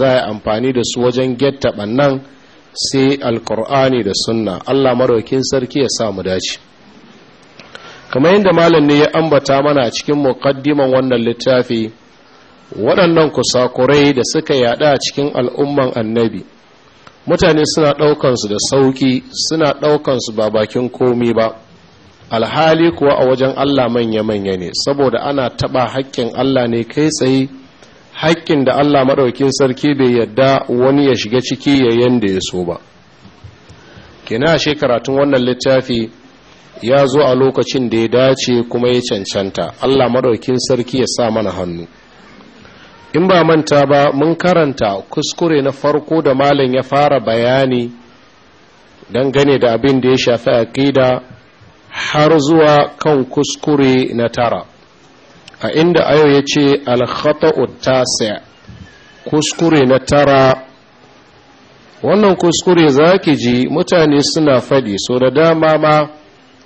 za a yi amfani da su wajen getta nan sai alkur'ani da sunna allah maraukin sarki ya samu dace kamar yadda malam ne ya ambata mana a cikin muƙaddiman wannan littafi waɗannan kusakurai da suka yaɗa a cikin al'umman annabi mutane suna ɗaukansu da sauƙi suna ɗaukansu ba bakin komi ba alhali kuwa a wajen allah manya-manya ne saboda ana taɓa haƙƙin allah ne kai tsaye haƙƙin da Allah maɗaukin sarki bai yadda wani ya shiga ciki yayin da ya so ba kina ashe karatun wannan littafi ya zo a lokacin da ya dace kuma ya cancanta Allah maɗaukin sarki ya sa mana hannu in ba manta ba mun karanta kuskure na farko da malam ya fara bayani dangane da abin da ya shafi aƙida har zuwa kan kuskure na tara a inda ayo ya ce alkhata'ut tasi' kuskure na tara wannan kuskure za ki ji mutane suna faɗi so da dama ma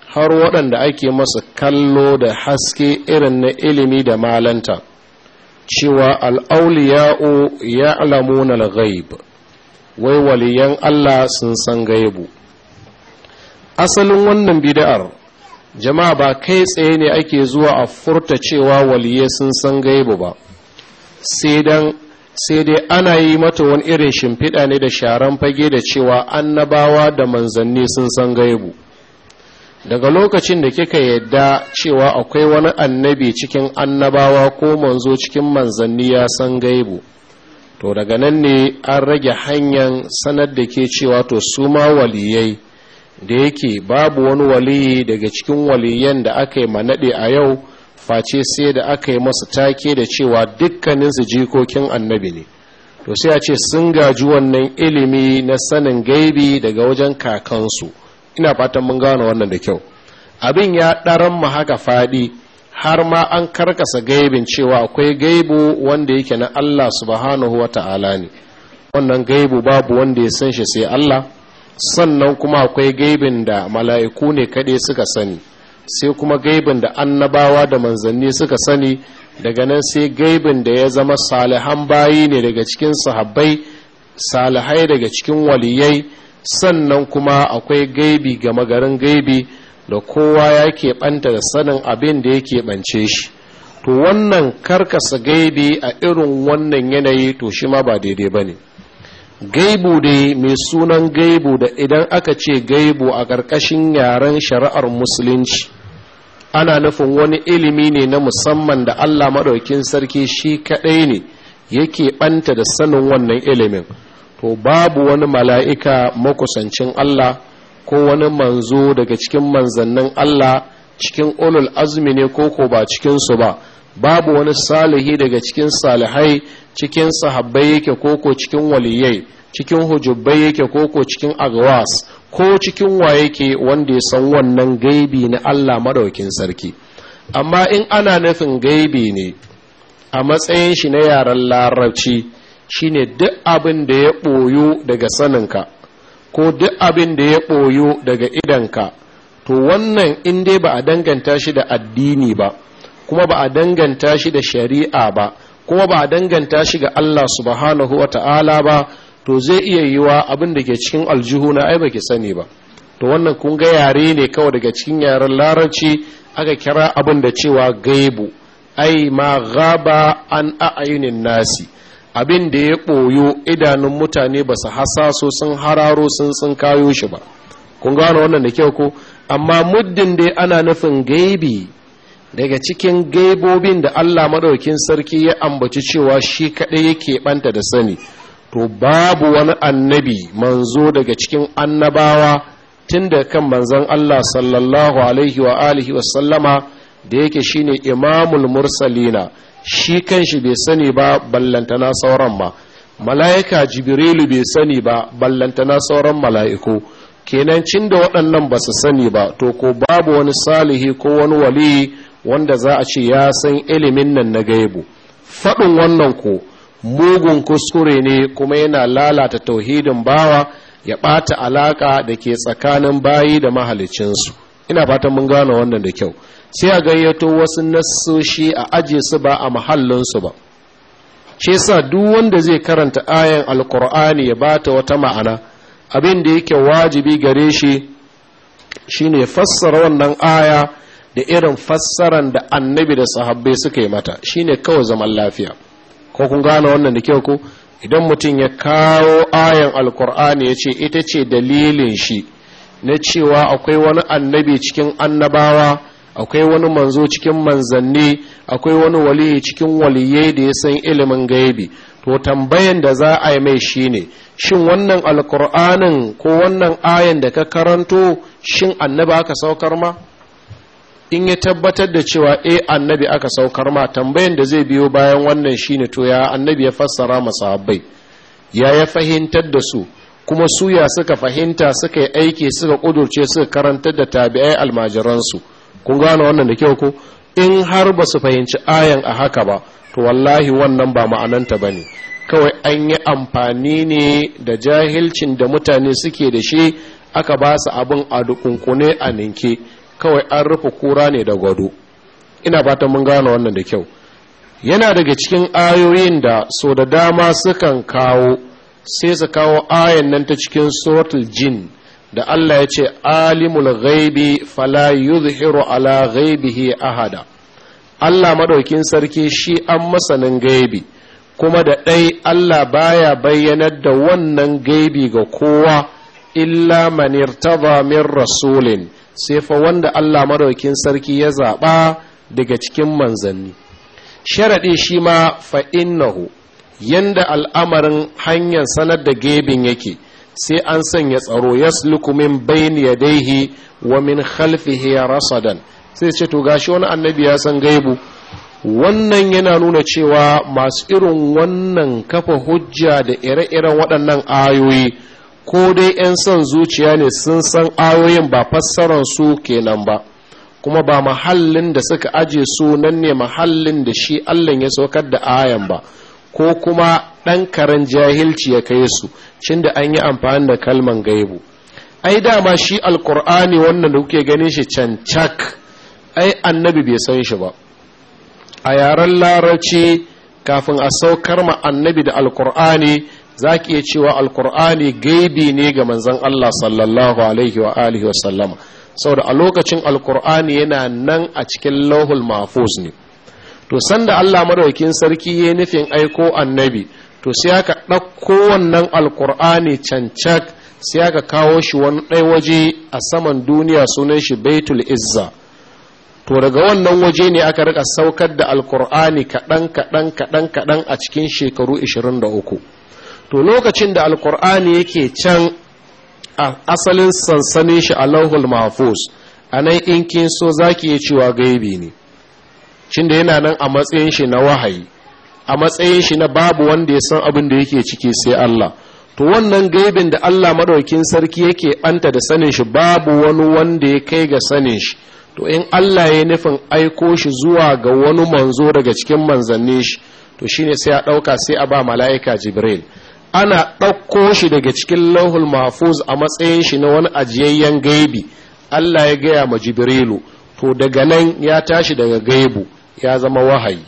har waɗanda ake masa kallo da haske irin na ilimi da malanta cewa al'auliya'u ya alamu ghaib wai waliyan Allah sun san gaibu asalin wannan bida'ar jama'a ba kai tsaye ne ake zuwa a furta cewa waliye sun san gaibu ba sai dai ana yi mata wani irin shimfiɗa ne da sharan fage da cewa annabawa da manzanni sun san gaibu daga lokacin da kika yadda cewa akwai wani annabi cikin annabawa ko manzo cikin manzanni ya san gaibu to daga nan ne an rage hanyar sanar da ke cewa to su ma waliyai da yake babu wani waliyi daga cikin waliyan da aka yi manaɗe a yau face sai da aka yi masa take da cewa dukkaninsu jikokin annabi ne to sai a ce sun gaji wannan ilimi na sanin gaibi daga wajen kakansu ina fatan mun gane wannan da kyau abin ya ɗaran mu haka faɗi har ma an karkasa gaibin cewa akwai gaibu wanda yake na Allah subhanahu wa ta'ala ne wannan gaibu babu wanda ya san shi sai Allah sannan kuma akwai gaibin da mala'iku ne kaɗai suka sani sai kuma gaibin da annabawa da manzanni suka sani daga nan sai gaibin da ya zama salihan bayi ne daga cikin sahabbai salihai daga cikin waliyai sannan kuma akwai gaibi ga magarin gaibi da kowa ya keɓanta da sanin abin da ya keɓance shi to wannan karkasa gaibi a irin wannan yanayi to shi ma ba daidai ba ne gaibu dai mai sunan gaibu da idan aka ce gaibu a ƙarƙashin yaren shari'ar musulunci ana nufin wani ilimi ne na musamman da allah maɗaukin sarki shi kaɗai ne yake ɓanta da sanin wannan ilimin to babu wani mala'ika makusancin allah ko wani manzo daga cikin manzannin allah cikin ulul azumi ne ko ko ba cikinsu ba babu wani salihi daga cikin salihai cikin sahabbai yake koko cikin waliyai cikin hujubbai yake koko cikin agwas ko cikin wa yake wanda ya san wannan gaibi na Allah maɗaukin sarki amma in ana nufin gaibi ne a matsayin shi na yaren larabci shine duk abin da ya ɓoyo daga saninka ko duk abin da ya ɓoyo daga idanka to wannan in dai ba a danganta shi da addini ba kuma ba a danganta shi da shari'a ba kuma ba danganta shi ga Allah subhanahu wa ta'ala ba to zai iya yiwa abin da ke cikin aljihu na ai baki sani ba to wannan kun ga yare ne kawai daga cikin yaren larabci aka kira abin da cewa gaibu ai ma gaba an a'ayunin nasi abin da ya ɓoyo idanun mutane ba su hasaso sun hararo sun sun kayo shi ba kun gano wannan da kyau ko amma muddin dai ana nufin gaibi daga cikin gaibobin da Allah maɗaukin sarki ya ambaci cewa shi kaɗai yake ɓanta da sani to babu wani annabi manzo daga cikin annabawa tun da kan manzon Allah sallallahu alaihi wa alihi wa sallama da yake shine imamul mursalina shi kanshi bai sani ba ballantana sauran ba. mala'ika jibrilu bai sani ba ballantana sauran mala'iku kenan cin da waɗannan ba su sani ba to ko babu wani salihi ko wani Waliyi. wanda za a ce ya san ilimin nan na gaibu faɗin wannan ko mugun kuskure ne kuma yana lalata tauhidin bawa ya ɓata alaƙa da ke tsakanin bayi da mahalicinsu ina fatan mun gane wannan da kyau sai a gayyato wasu nasoshi a aje su ba a mahallinsu ba shi sa duk wanda zai karanta ayan alkur'ani ya bata wata ma'ana abin da yake wajibi gare shi shine fassara wannan aya da irin fassaran da annabi da sahabbai suka yi mata shine kawai zaman lafiya ko kun gane wannan da kyau ko idan mutum ya kawo ayan alkur'ani ya ce ita ce dalilin shi na cewa akwai wani annabi cikin annabawa akwai wani manzo cikin manzanni akwai wani waliyi cikin waliyai da ya san ilimin gaibi to tambayan da za a yi mai shine shin wannan alkur'anin ko wannan ayan da ka karanto shin annaba aka saukar ma in ya tabbatar da cewa eh annabi aka saukar ma tambayan da zai biyo bayan wannan shine to ya annabi ya fassara masahabbai ya ya fahimtar da su kuma suya suka fahimta suka yi aiki suka kudurce suka karantar da tabi'ai almajiransu kun gane wannan da kyau ko in har ba su fahimci ayan a haka ba to wallahi wannan ba ma'ananta ba ne kawai an yi amfani ne da jahilcin da mutane suke da shi aka ba su abin a dukunkune a ninke kawai an rufe kura ne da gwado ina fatan mun gane wannan da kyau yana daga cikin ayoyin da so da dama sukan kawo sai su kawo ayan nan ta cikin suratul jin da Allah ya ce alimul ghaibi fala yuzhiru ala ghaibihi ahada Allah madaukin sarki shi an masanin gaibi kuma da ɗai Allah baya bayyanar da wannan gaibi ga kowa illa man irtada min rasulin sai fa wanda Allah maraukin sarki ya zaɓa daga cikin manzanni sharaɗi shi ma fa'innahu yanda al'amarin hanyar sanar da gebin yake sai an sanya tsaro ya min ya daihi wa min khalfihi rasadan sai ce to gashi wani annabi ya san gaibu wannan yana nuna cewa masu irin wannan kafa hujja da ire-iren waɗannan ayoyi ko dai 'yan son zuciya ne sun san ayoyin ba fassarar su kenan ba kuma ba mahallin da suka aje su nan ne mahallin da shi allah ya saukar da ayan ba ko kuma ɗan karen jahilci ya kai su cin da an yi amfani da kalman gaibu ai dama shi alkur'ani wannan da kuke ganin shi cancak ai annabi bai san shi ba a yaren larabci kafin a saukar ma annabi da alkur'ani za ki iya cewa alkur'ani gaibi ne ga manzan Allah sallallahu alaihi wa alihi wasallama saboda a lokacin alkur'ani yana nan a cikin lauhul mahfuz ne to sanda Allah madaukin sarki ya nufin aiko annabi to sai aka ɗauko wannan alkur'ani cancak sai aka kawo shi wani ɗaya waje a saman duniya sunan shi baitul izza to daga wannan waje ne aka rika saukar da alkur'ani kaɗan kaɗan kaɗan kaɗan a cikin shekaru 23 to lokacin da alkur'ani yake can a asalin sansanin shi a lauhul mahfuz a nan in kin so za ki iya cewa gaibi ne cin da yana nan a matsayin shi na wahayi a matsayin shi na babu wanda ya san abin da yake ciki sai Allah to wannan gaibin da Allah madaukin sarki yake anta da sanin shi babu wani wanda ya kai ga sanin shi to in Allah ya nufin aiko shi zuwa ga wani manzo daga cikin manzannin shi to shine sai a dauka sai a ba mala'ika Jibril ana ɗauko shi daga cikin lauhul mafuz a matsayin shi na wani ajiyayyen gaibi Allah ya gaya ma jibrilu to daga nan ya tashi daga gaibu ya zama wahayi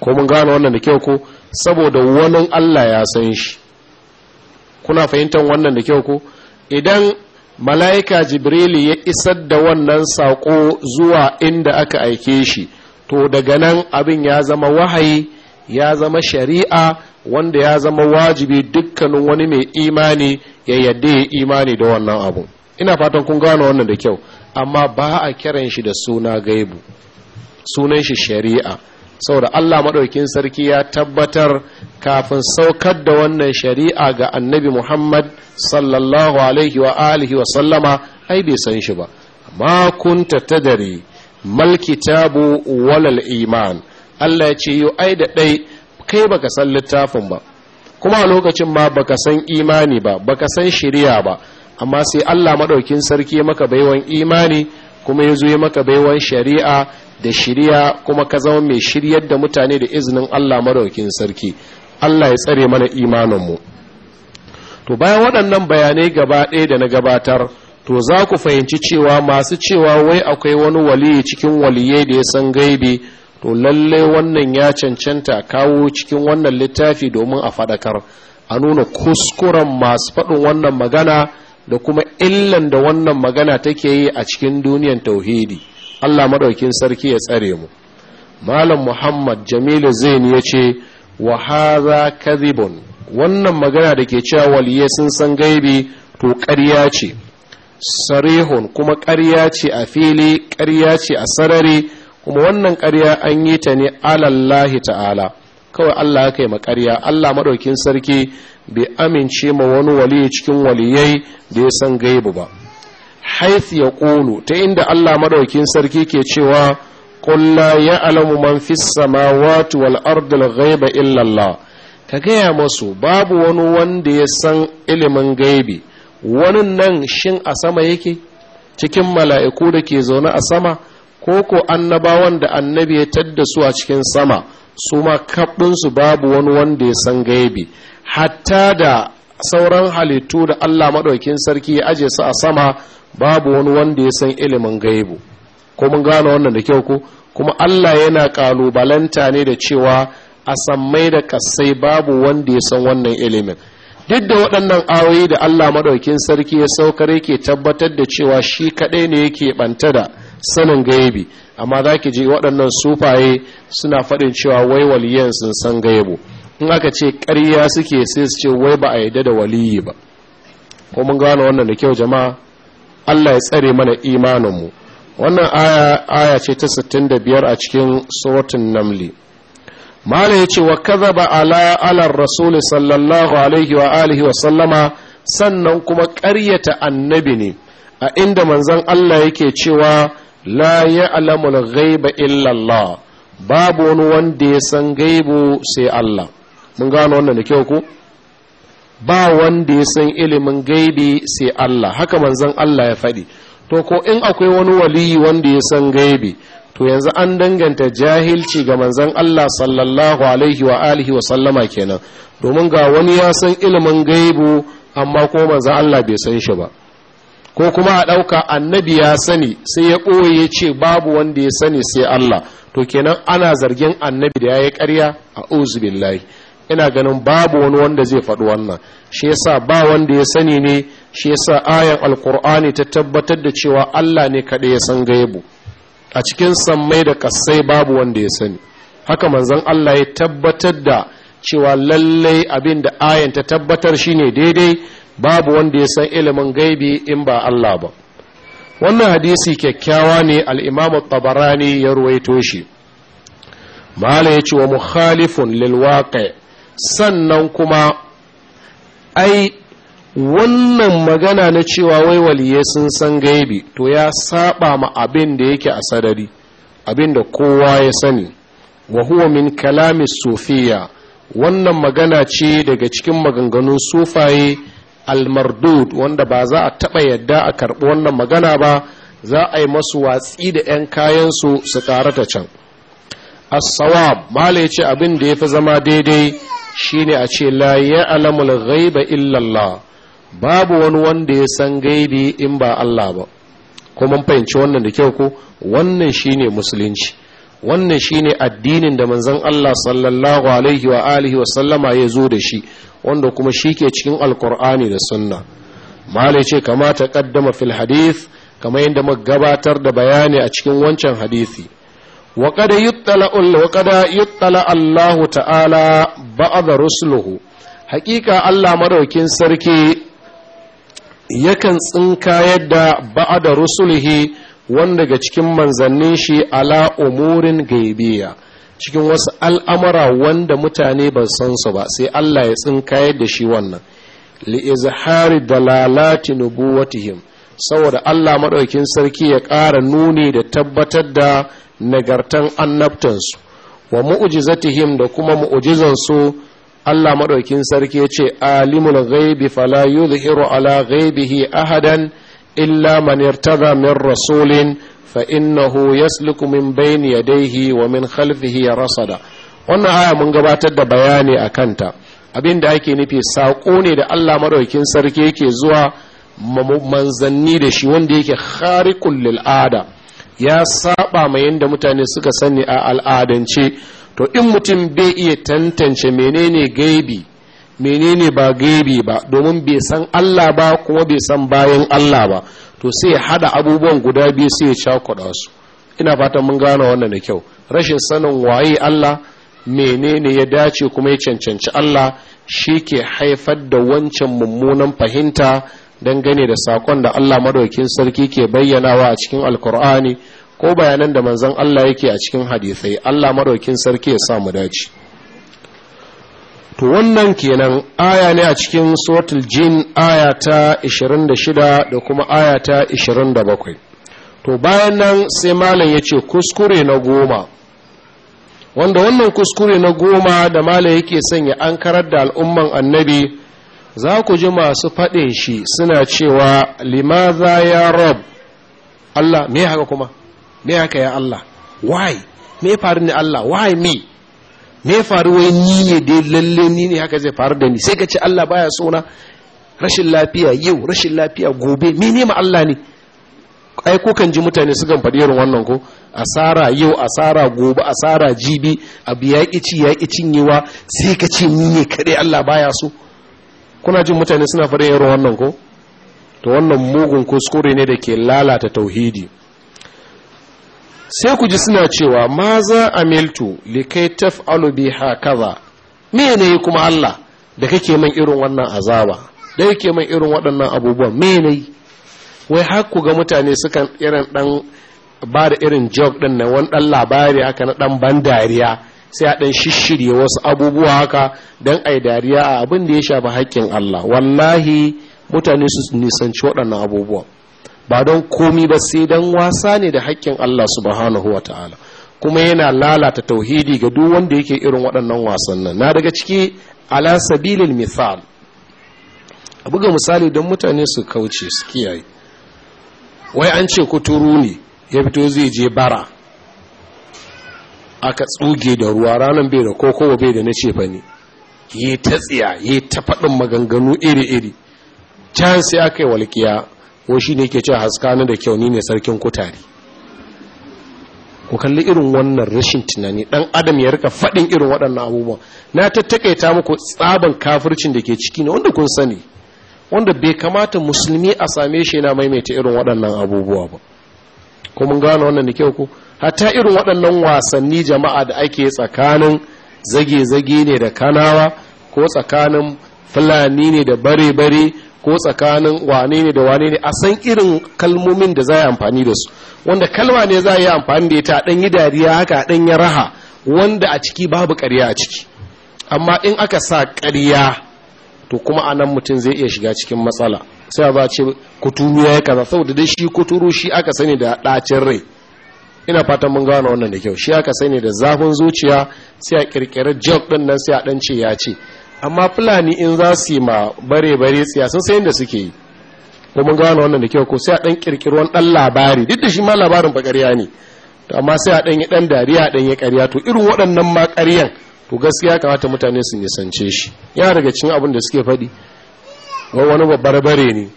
ko mun gano wannan da kyau ko saboda wani Allah ya san shi kuna fahimtar wannan da kyau ko idan mala'ika jibrilu ya isar da wannan saƙo zuwa inda aka aike shi to daga nan abin ya zama wahayi ya zama shari'a wanda ya zama wajibi dukkanin wani mai imani ya yadda ya imani da wannan abu ina fatan kun gano wannan da kyau amma ba a kiran shi da suna gaibu sunan shi shari'a saboda Allah maɗaukin sarki ya tabbatar kafin saukar da wannan shari'a ga annabi Muhammad sallallahu alaihi wa alihi wa sallama ai bai san shi ba ma kunta tadari mal kitabu walal iman Allah ya ce yo ai da dai kai baka san littafin ba kuma a lokacin ma baka san imani ba baka san shari'a ba amma sai Allah madaukin sarki maka baiwan imani kuma ya zo maka baiwan shari'a da shari'a kuma ka zama mai shiryar da mutane da izinin Allah madaukin sarki Allah ya tsare mana imanin mu to bayan waɗannan bayanai gaba ɗaya da na gabatar to za ku fahimci cewa masu cewa wai akwai wani waliyi cikin waliyai da ya san gaibi to lalle wannan ya cancanta kawo cikin wannan littafi domin a faɗakar a nuna kuskuren masu faɗin wannan magana da kuma illan da wannan magana take yi a cikin duniyan tauhidi Allah maɗaukin sarki ya tsare mu malam muhammad jamilu zain ya ce wa ka kadhibun wannan magana da ke cewa waliye sun san gaibi to ƙarya ce sarihun kuma ƙarya ce a fili ƙarya ce a sarari kuma wannan ƙarya an yi ta ne alallahi ta'ala kawai Allah ya kai makarya Allah maɗaukin sarki bai amince ma wani wali cikin waliyai da ya san gaibu ba haith ya ƙulu ta inda Allah maɗaukin sarki ke cewa kulla ya alamu man fis samawati wal ardi ghaiba illa ka gaya masu babu wani wanda ya san ilimin gaibi wani nan shin a sama yake cikin mala'iku da ke zaune a sama ko ko annabawan da annabi ya tadda su a cikin sama su ma kaɓinsu babu wani wanda ya san gaibi hatta da sauran halittu da allah maɗaukin sarki ya aje su a sama babu wani wanda ya san ilimin gaibu ko mun gane wannan da kyau ko kuma allah yana ƙalubalanta ne da cewa a sammai da kasai babu wanda ya san wannan ilimin duk da waɗannan ayoyi da allah maɗaukin sarki ya saukar yake tabbatar da cewa shi kaɗai ne yake ɓanta da sanin gaibi amma za ki ji waɗannan sufaye suna faɗin cewa wai waliyan sun san gaibu in aka ce ƙarya suke sai su ce wai ba a yarda da waliyi ba ko mun gano wannan da kyau jama'a Allah ya tsare mana imaninmu wannan aya ce ta biyar a cikin suratul namli ya ce wa kadhaba ala ala rasul sallallahu alaihi wa alihi wa sallama sannan kuma ƙaryata annabi ne a inda manzon Allah yake cewa la ya'lamul ghaiba illa Allah babu wani wanda ya san gaibu sai Allah mun gano wannan da kyau ko ba wanda ya san ilimin gaibi sai Allah haka manzon Allah ya faɗi to ko in akwai wani waliyi wanda ya san gaibi to yanzu an danganta jahilci ga manzon Allah sallallahu alaihi wa wa sallama kenan domin ga wani ya san ilimin gaibu amma ko manzon Allah bai san shi ba ko kuma a ɗauka annabi ya sani sai ya ɓoye ce babu wanda ya sani sai Allah to kenan ana zargin annabi da ya yi ƙarya a uzubillahi ina ganin babu wani wanda zai faɗi wannan shi yasa ba wanda ya sani ne shi yasa ayan alkur'ani ta tabbatar da cewa Allah ne kaɗai ya san gaibu a cikin sammai da kassai babu wanda ya sani haka manzon Allah ya tabbatar da cewa lallai abin da ayan ta tabbatar shine daidai babu wanda ya san ilimin gaibi in ba Allah ba wannan hadisi kyakkyawa ne al-Imam tabarani ya ruwaito shi ya ce wa mukhalifun lil sannan kuma ai wannan magana na cewa wai waliye sun san gaibi to ya saba ma abin da yake a sadari abin da kowa ya sani wa huwa min kalami sufiya wannan magana ce daga cikin maganganun sufaye almardud wanda ba za a taɓa yadda a karɓi wannan magana ba za a yi masu watsi da 'yan kayansu su karata can as-sawab mala ya ce abin da ya fi zama daidai shine a ce la ya alamul ghaiba illallah babu wani wanda ya san gaibi in ba Allah ba ko mun fahimci wannan da kyau ko wannan shine musulunci wannan shine addinin da manzon Allah sallallahu alaihi wa alihi wa sallama ya zo da shi wanda kuma shi ke cikin alkur'ani da sunna malai ce kamata kaddama fil hadith kamar yadda muka gabatar da bayani a cikin wancan hadisi wa qad yuttala wa qad yuttala Allah ta'ala ba'd rusuluhu Hakika Allah madaukin sarki yakan tsinka yadda ba'd rusulihi wanda daga cikin manzannin shi ala umurin gaibiya cikin wasu al'amura wanda mutane ba san su ba sai Allah ya tsinkayar da shi wannan li'izhari dalalati nubuwatihim saboda Allah maɗaukin sarki ya ƙara nuni da tabbatar da nagartan annabtansu wa mu'jizatihim da kuma su, Allah maɗaukin sarki ya ce alimul ghaibi fala yuzhiru ala ghaibihi ahadan illa man irtada min rasulin fa innahu yasluku min bayni yadayhi wa min rasa da. wannan aya mun gabatar da bayani a kanta abin da ake nufi saƙo ne da Allah maɗaukin sarki yake zuwa manzanni da shi wanda yake khariqul lil ya saba ma yanda mutane suka sani a al'adance to in mutum bai iya tantance menene gaibi menene ba gaibi ba domin bai san Allah ba kuma bai san bayan Allah ba to sai ya hada abubuwan guda biyu sai ya cakuɗa su ina fata mun gane wannan da kyau rashin sanin waye Allah menene ya dace kuma ya cancanci Allah shi ke haifar da wancan mummunan fahimta dangane da sakon da Allah madaukin sarki ke bayyanawa a cikin alkur'ani ko bayanan da manzon Allah yake a cikin hadisai Allah madaukin sarki ya sa mu dace to wannan kenan aya ne a cikin suratul jin aya ta 26 da kuma aya ta 27 to bayan nan sai malam ya ce kuskure na goma wanda wannan kuskure na goma da malam yake sanya an karar da al'umman annabi za ku ji masu faɗin shi suna cewa limaza ya rob Allah me haka kuma me haka ya Allah why me faru ne Allah why me me faru wai ni ne da lalle ni ne haka zai faru da ni sai ka ce Allah baya sona. rashin lafiya yau rashin lafiya gobe me ne ma Allah ne ai ko kan ji mutane su kan faɗi irin wannan ko asara yau asara gobe asara jibi abu ya ci ya cinyewa sai ka ce ni ne kaɗai Allah baya so kuna jin mutane suna faɗin irin wannan ko to wannan mugun kuskure ne da ke lalata tauhidi sai ku ji suna cewa ma za a miltu likai bi hakaza me ne kuma Allah da kake man irin wannan azaba da yake man irin waɗannan abubuwan me ne wai haku ga mutane sukan irin dan ba da irin job din nan wani dan labari haka na ɗan ban dariya sai a dan shishirye wasu abubuwa haka dan ai dariya a abin da ya shafi haƙƙin Allah wallahi mutane su nisanci waɗannan abubuwan ba don komi ba sai don wasa ne da haƙƙin Allah subhanahu wa ta'ala kuma yana lalata tauhidi ga duk wanda yake irin waɗannan wasannin na daga ciki ala sabilil misal a buga misali don mutane su kauce su kiyaye wai an ce kuturu ne ya fito zai je bara aka tsuge da ruwa ranar bai da koko, bai da na ce fa yi ta tsiya yi ta faɗin maganganu iri-iri can sai aka yi walƙiya ko shi ne ke cewa haskani da kyau ni ne sarkin kutare ku kalli irin wannan rashin tunani dan adam ya rika fadin irin waɗannan abubuwa na tattakaita muku tsaban kafircin da ke ciki ne wanda kun sani wanda bai kamata musulmi a same shi yana maimaita irin waɗannan abubuwa ba ko mun gane wannan da kyau ko hatta irin waɗannan wasanni jama'a da ake tsakanin zage-zage ne da kanawa ko tsakanin fulani ne da bare-bare ko tsakanin wane ne da wane ne a san irin kalmomin da za a amfani da su wanda kalma ne za a yi amfani da ita ɗan yi dariya haka ɗan yi raha wanda a ciki babu ƙarya a ciki amma in aka sa ƙarya to kuma a nan mutum zai iya shiga cikin matsala sai ba ce kuturu ya kaza saboda dai shi kuturu shi aka sani da ɗacin rai ina fatan mun gano wannan da kyau shi aka sani da zafin zuciya sai a kirkirar job ɗinnan nan sai a ɗance ce ya ce amma fulani in za su yi ma bare-bare tsiya sun sayin da suke yi ko gano wannan da kyau ko sai a ɗan ƙirƙiri ɗan labari duk da shi ma labarin ba ƙarya ne to amma sai a ɗan yi ɗan dariya a ɗan yi ƙarya to irin waɗannan ma ƙaryan to gaskiya kamata mutane su nisance shi yana daga cikin abin da suke faɗi wani babbar bare ne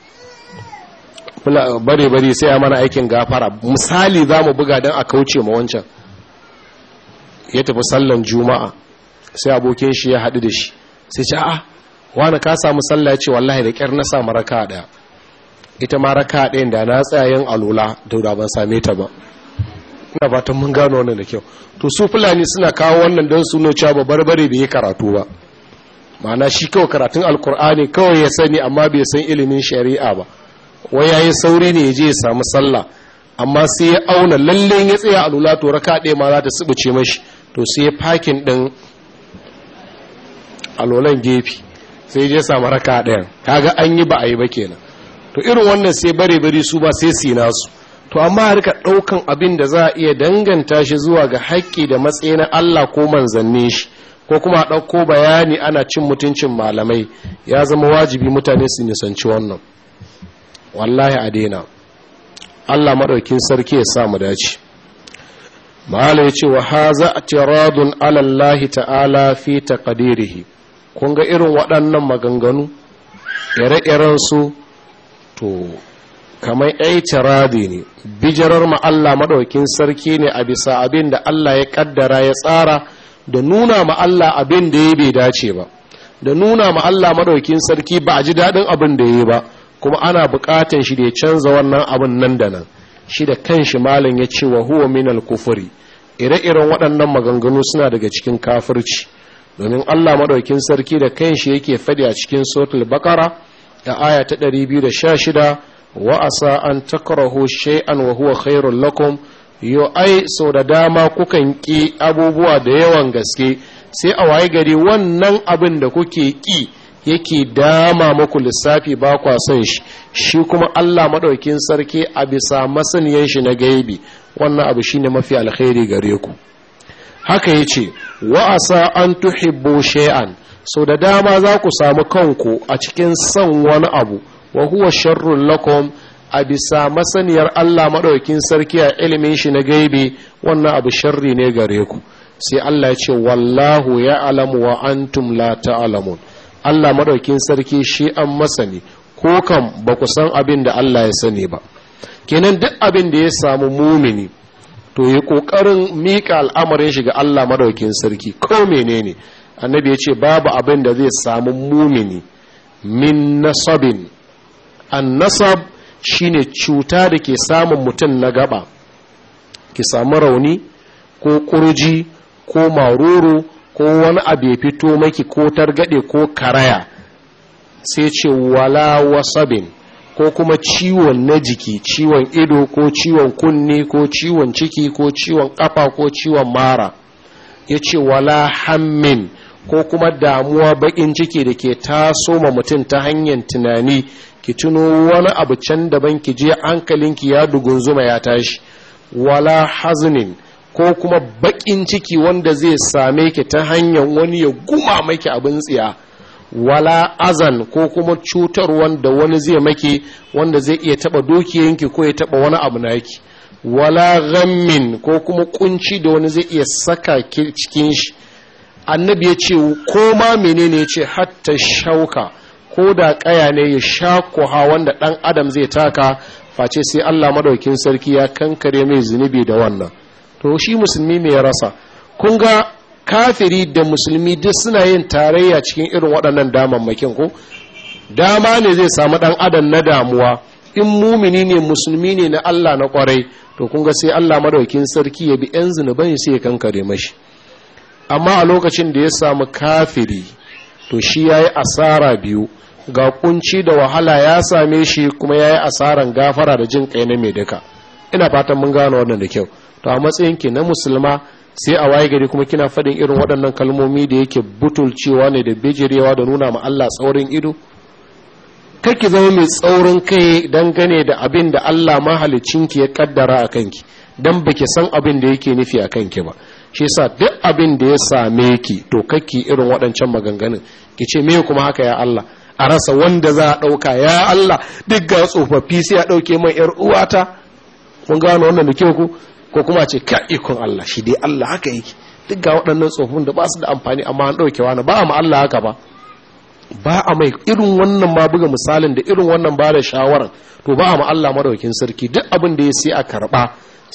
bare bare sai a mana aikin gafara misali za mu buga don a kauce ma wancan ya tafi sallan juma'a sai abokin shi ya haɗu da shi sai ce a wani ka samu sallah ya ce wallahi da kyar na samu raka ɗaya ita ma raka ɗaya da na tsayayen alula da da ban same ta ba ina ta mun gano wannan da kyau to su fulani suna kawo wannan don su cewa ba barbare bai yi karatu ba ma'ana shi kawai karatun alkur'ani kawai ya sani amma bai san ilimin shari'a ba wai yayi sauri ne ya je ya samu sallah amma sai ya auna lallai ya tsaya a to raka ɗaya ma za ta subuce mashi to sai ya fakin ɗin alolan gefe sai je samu raka ɗayan kaga an yi ba a yi ba kenan to irin wannan sai bare bari su ba sai su nasu to amma a rika ɗaukan abin da za a iya danganta shi zuwa ga haƙƙi da matsayi na Allah ko manzanni shi ko kuma a ɗauko bayani ana cin mutuncin malamai ya zama wajibi mutane su nisanci wannan wallahi a daina Allah maɗaukin sarki ya sa mu dace ma'ala ya ce wa haza a tiradun alallahi ta'ala fi taqdirihi kun ga irin waɗannan maganganu ire-iren su to kamar rabi ne bijirar ma'alla Allah maɗaukin sarki ne a bisa abin da Allah ya ƙaddara ya tsara da nuna ma'alla abin da ya bai dace ba da nuna ma'alla maɗaukin sarki ba a ji daɗin abin da ya ba kuma ana buƙatan shi da ya canza wannan abin nan da nan shi da kanshi malam ya ce wa huwa minal kufuri ire-iren waɗannan maganganu suna daga cikin kafirci domin Allah maɗaukin sarki da kan shi yake faɗi a cikin sotul Bakara da aya ta 216 wa asa an takrahu shay'an wa huwa khairul lakum yo ai so da dama kukan ƙi abubuwa da yawan gaske sai a waye gari wannan abin da kuke ƙi yake dama muku lissafi ba kwa son shi shi kuma Allah maɗaukin sarki a bisa masaniyan shi na gaibi wannan abu shine mafi alkhairi gare ku haka ya ce wa'asa an tuhibbo shay'an sau da dama za ku samu kanku a cikin son wani abu wa huwa sharrun lakum a bisa masaniyar Allah maɗaukin sarki a ilimin shi na gaibe wannan abu sharri ne gare ku sai Allah ya ce wallahu ya alamu wa antum la ta'lamun Allah maɗaukin sarki shi an masani ko kan ba ku san abin da Allah ya sani ba kenan duk abin da ya samu mumini to yi ƙoƙarin miƙa al'amarin shiga Allah madaukin sarki ko menene annabi ya ce babu abin da zai samu mumini min nasabin an nasab shine cuta da ke samun mutum na gaba ki samu rauni ko ƙurji ko maruru ko wani abu ya fito maki ko targaɗe ko karaya sai ce wala wasabin ko kuma ciwon na jiki ciwon ido ko ciwon kunne ko ciwon ciki ko ciwon kafa ko ciwon mara ya ce wala hammin ko kuma damuwa baƙin ciki da ke taso ma mutum ta hanyar tunani ki tuno wani abu can daban ki je hankalinki ya dugunzuma ya tashi wala hazinin ko kuma baƙin ciki wanda zai same ki ta hanyar wani ya guma maki abin tsiya wala azan ko kuma cutar wanda wani zai make wanda zai iya taba dukiyanki ko ya taba wani abu na yake wala ghammin ko kuma kunci da wani zai iya saka cikin shi annabi ya ce ko ma menene ya ce hatta shauka ko da kaya ne ya sha ha wanda dan adam zai taka face sai Allah madaukin sarki ya kankare mai zunubi da wannan to shi musulmi ya rasa kun ga kafiri da musulmi duk suna yin tarayya cikin irin waɗannan damammakin ko dama ne zai samu ɗan adam na damuwa in mumini ne musulmi ne na Allah na kwarai to kun ga sai Allah maɗaukin sarki ya bi yan zunuban sai ya kankare mashi amma a lokacin da ya samu kafiri to shi ya yi asara biyu ga kunci da wahala ya same shi kuma ya yi asaran gafara da jin kai na mai duka ina fatan mun gano wannan da kyau to a matsayin ki na musulma sai a waye gari kuma kina faɗin irin waɗannan kalmomi da yake butulcewa ne da bijirewa da nuna ma Allah tsaurin ido kake zama mai tsaurin kai dangane da abin da Allah mahalicinki ya kaddara a kanki dan baki san abin da yake nufi a kanki ba shi yasa duk abin da ya same ki to kake irin waɗancan maganganun ki ce me kuma haka ya Allah a rasa wanda za a ɗauka ya Allah duk ga tsofaffi sai a ɗauke mai ‘yar uwata kun gano wannan da kyau ku ko kuma ce ka ikon Allah shi dai Allah haka yake duk ga waɗannan tsofin da ba su da amfani amma an ɗauke wani ba a ma Allah haka ba ba a mai irin wannan ma buga misalin da irin wannan ba da shawarar to ba a ma Allah madaukin sarki duk abin da ya sai a karɓa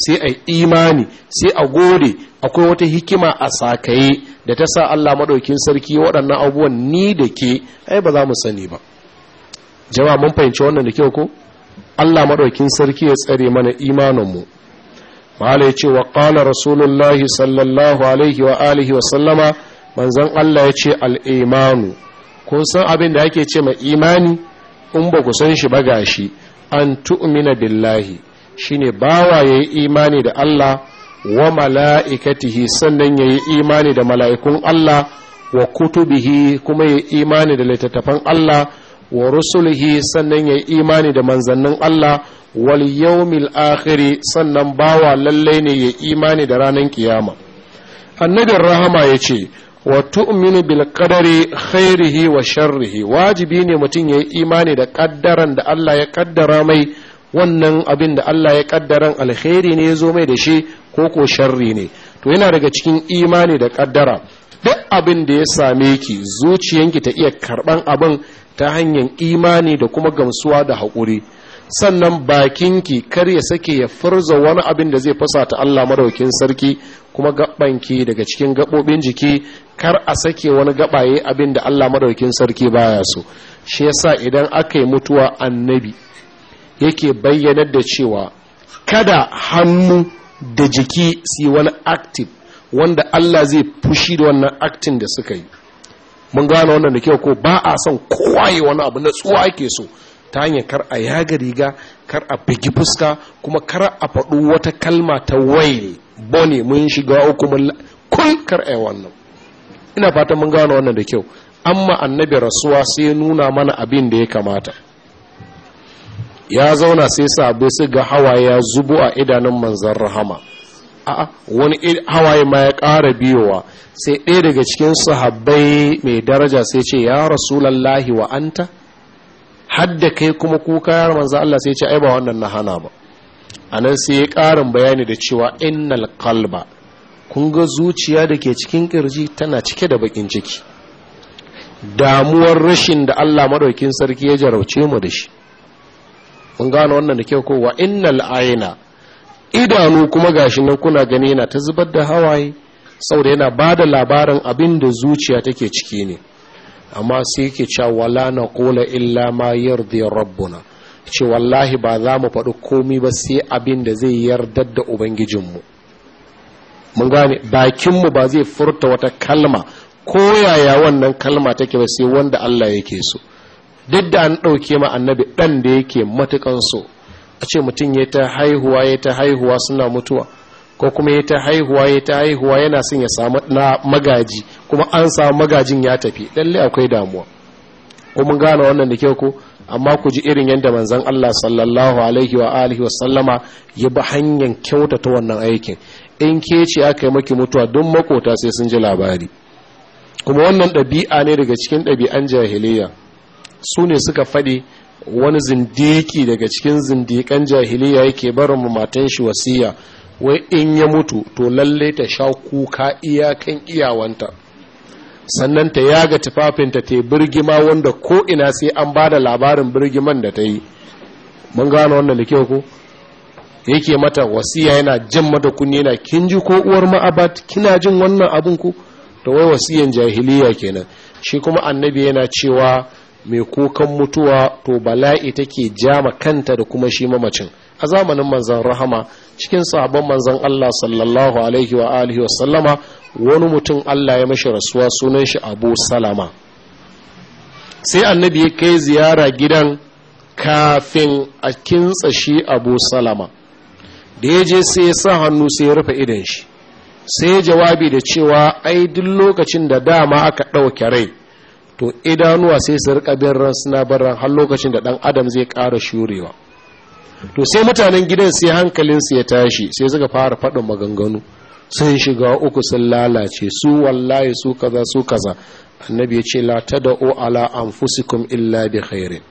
sai a imani sai a gode akwai wata hikima a sakaye da ta sa Allah madaukin sarki waɗannan abubuwan ni da ke ai ba za mu sani ba jama'a mun fahimci wannan da kyau ko Allah madaukin sarki ya tsare mana imanin mu malai ya ce wa ƙala rasulullahi sallallahu alaihi wa alihi wa sallama manzan Allah ya ce al'imanu kun san abin da ake ce mai imani in ba ku san shi ba gashi an tu'mina billahi shine bawa ya yi imani da Allah wa mala'ikatihi sannan ya yi imani da mala'ikun Allah wa kutubihi kuma ya yi imani da littattafan Allah wa rusulihi sannan ya yi imani da manzannin Allah wal yawmil akhiri sannan bawa lallai ne ya imani da ranar kiyama annabin rahama ya ce wa tu'minu bil qadari khairihi wa sharrihi wajibi ne mutum ya yi imani da kaddaran da Allah ya kaddara mai wannan abin da Allah ya kaddaran alkhairi ne ya zo mai da shi ko ko sharri ne to yana daga cikin imani da kaddara duk abin da ya same ki zuciyanki ta iya karban abin ta hanyar imani da kuma gamsuwa da haƙuri sannan bakinki kar ya sake ya furza wani abin da zai fasa ta Allah madaukin sarki kuma gabanki daga cikin gabobin jiki kar a sake wani gabaye abin da Allah madaukin sarki baya so shi yasa idan aka yi mutuwa annabi yake bayyanar da cewa kada hannu da jiki su yi wani active wanda Allah zai fushi da wannan acting da suka yi mun gane wannan da kyau ko ba a son kowa yi wani abu na tsuwa ake so ta hanyar kar a yaga riga kar a bigi fuska kuma kar a faɗo wata kalma ta wail bone mun shiga uku mun kul kar a wannan ina fata mun gano wannan da kyau amma annabi rasuwa sai nuna mana abin da ya kamata ya zauna sai sabai su ga hawaye ya zubo a idanun manzan rahama a wani hawaye ma ya ƙara biyowa sai ɗaya daga cikin sahabbai mai daraja sai ce ya rasulallahi wa anta hadda kai kuma kuka yar manzo Allah sai ya ce ai ba wannan na hana ba anan sai ya ƙarin bayani da cewa innal qalba kun ga zuciya da ke cikin kirji tana cike da bakin ciki damuwar rashin da Allah madaukin sarki ya jarauce mu da shi mun gano wannan da kyau ko wa innal ayna idanu kuma gashi nan kuna gani yana ta zubar da hawaye saboda yana bada labarin abin da zuciya take ciki ne amma sai yake cewa wala na qula illa ma yardi rabbuna ce wallahi ba za mu faɗi komi ba sai abin da zai yardar da ubangijinmu mun gane bakinmu ba zai furta wata kalma ko yaya wannan kalma take ba sai wanda Allah yake so duk da an ɗauke ma annabi ɗan da yake matukan so a ce mutum ya ta haihuwa ya ta haihuwa suna mutuwa ko kuma ya ta haihuwa ya ta haihuwa yana son ya samu na magaji kuma an samu magajin ya tafi lalle akwai damuwa ko mun gane wannan da kyau ko amma ku ji irin yadda manzon Allah sallallahu alaihi wa alihi wa sallama ya bi hanyar kyautata wannan aikin in ke ce aka yi maki mutuwa don makota sai sun ji labari kuma wannan ɗabi'a ne daga cikin ɗabi'an jahiliya su ne suka faɗi wani zindiki daga cikin zindikan jahiliya yake barin matan shi wasiya wai in ya mutu to lalle ta sha kuka iyakan iyawanta sannan ta yaga tufafinta ta birgima wanda ko ina sai an ba da labarin birgiman da ta yi mun gano wannan da kyau ko yake mata wasiya yana jin mata kunni yana kin ji ko uwar ma'abat kina jin wannan abin ku to wai wasiyan jahiliya kenan shi kuma annabi yana cewa mai kukan mutuwa to bala'i take jama kanta da kuma shi mamacin a zamanin manzan rahama cikin sabon manzon Allah sallallahu alaihi wa alihi wa sallama wani mutum Allah ya mashi rasuwa sunan shi Abu Salama sai annabi ya kai ziyara gidan kafin a kintsa shi Abu Salama da ya je sai ya sa hannu sai ya rufe idan shi sai jawabi da cewa ai duk lokacin da dama aka ɗauke rai to idanuwa sai su rika bin ran suna har lokacin da ɗan adam zai ƙara shurewa to sai mutanen gidan sai su ya tashi sai suka fara faɗin maganganu sun shiga uku sun lalace su wallahi su kaza su kaza annabi ya ce la tad'u ala anfusikum illa bi khairin